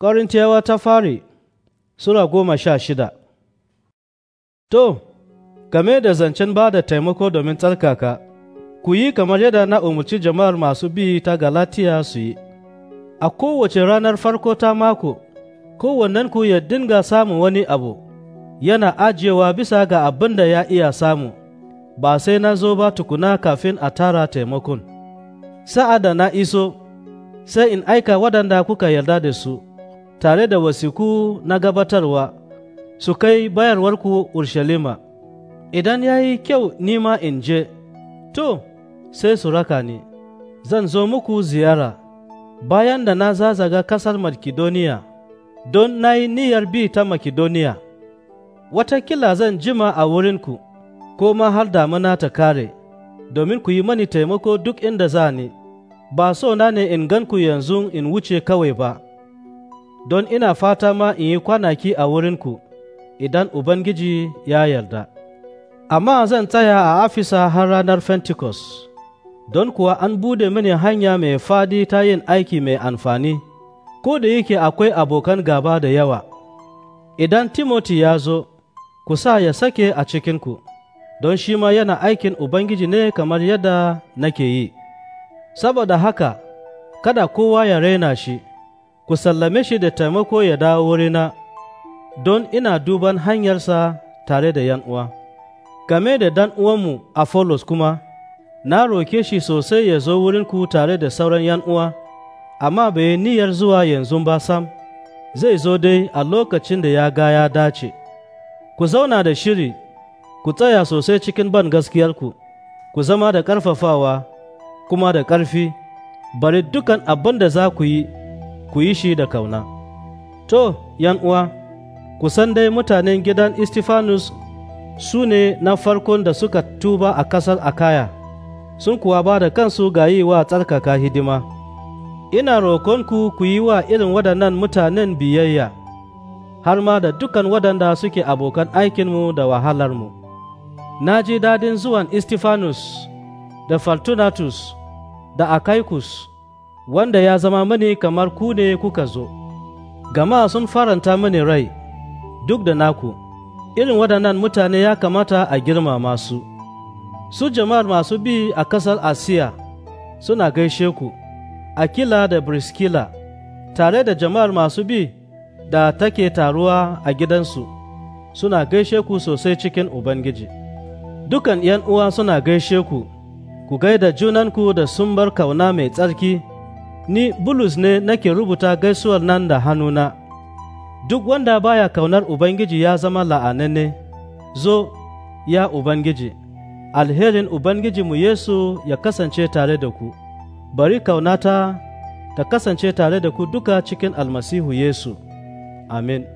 Korintiyawa ta fari Sura goma sha shida To, game da zancen ba da taimako domin tsarkaka, ku yi kamar yadda na umarci jama'ar masu bi ta Galatiya su yi, a kowace ranar farko ta mako, kowannen ku ya dinga samun wani abu, yana ajiyewa bisa ga abin da ya iya samu, ba sai na zo ba tukuna kafin a tara taimakon. Sa'ada na iso, sai in aika waɗanda kuka yarda da su. tare da wasiku na gabatarwa su kai bayarwarku Urshalima, idan ya yi kyau nima in je, to, sai su raka ni, zan zo muku ziyara, bayan da na zazaga ƙasar Makedoniya, don na yi niyyar bi ta Makedoniya, watakila zan jima a wurinku, ko ma har damuna ta kare, domin ku yi mani taimako duk inda za ni, ba so na ne in gan ku yanzu in wuce kawai ba. don ina fata ma in yi kwanaki a wurinku idan Ubangiji ya yarda. Amma zan tsaya a afisa har ranar fentikos. don kuwa an bude mini hanya mai fadi ta yin aiki mai amfani, ko da yake akwai abokan gaba da yawa. Idan Timoti ya zo, ku sa ya sake a cikinku, don shi ma yana aikin Ubangiji ne kamar yadda nake yi. Saboda haka, kada kowa ya raina shi. ku sallame shi da taimako ya dawo wurina, don ina duban hanyarsa tare da ‘yan uwa. Game da dan uwanmu Folos kuma, na roke shi sosai ya zo wurinku tare da sauran ‘yan uwa, amma bai niyyar zuwa yanzu ba sam, zai zo dai a lokacin da ya ga ya dace. Ku zauna da shiri, ku tsaya sosai cikin ban gaskiyarku, ku zama da ƙarfafawa, kuma da ƙarfi, bari dukan abin da za ku yi. ku yi shi da kauna. To, yan uwa, ku san dai mutanen gidan Istifanus su ne na farkon da suka tuba a ƙasar Akaya, sun kuwa ba da kansu ga yi wa tsarkaka hidima. Ina roƙonku ku yi wa irin waɗannan mutanen biyayya, har ma da dukan waɗanda suke abokan aikinmu da wahalarmu. Na ji daɗin zuwan Istifanus da Fortunatus da Akaikus. wanda ya zama mani kamar ku ne kuka zo, gama sun faranta mani rai duk da naku, irin waɗannan mutane ya kamata a girmama su. Su jama'ar masu bi a ƙasar Asiya suna gaishe ku, Akila da Briskila, tare da jama'ar masu bi da take taruwa a gidansu, suna gaishe ku sosai cikin Ubangiji. Dukan uwa suna gaishe ku, ku gaida junanku da sumbar kauna mai tsarki. ni Bulus ne nake rubuta gaisuwar nan da hannuna, duk wanda baya kaunar Ubangiji ya zama la'anane, zo, ya Ubangiji, alherin ubangiji mu Yesu ya kasance tare da ku, bari kaunata ta kasance tare da ku duka cikin almasihu Yesu, amin.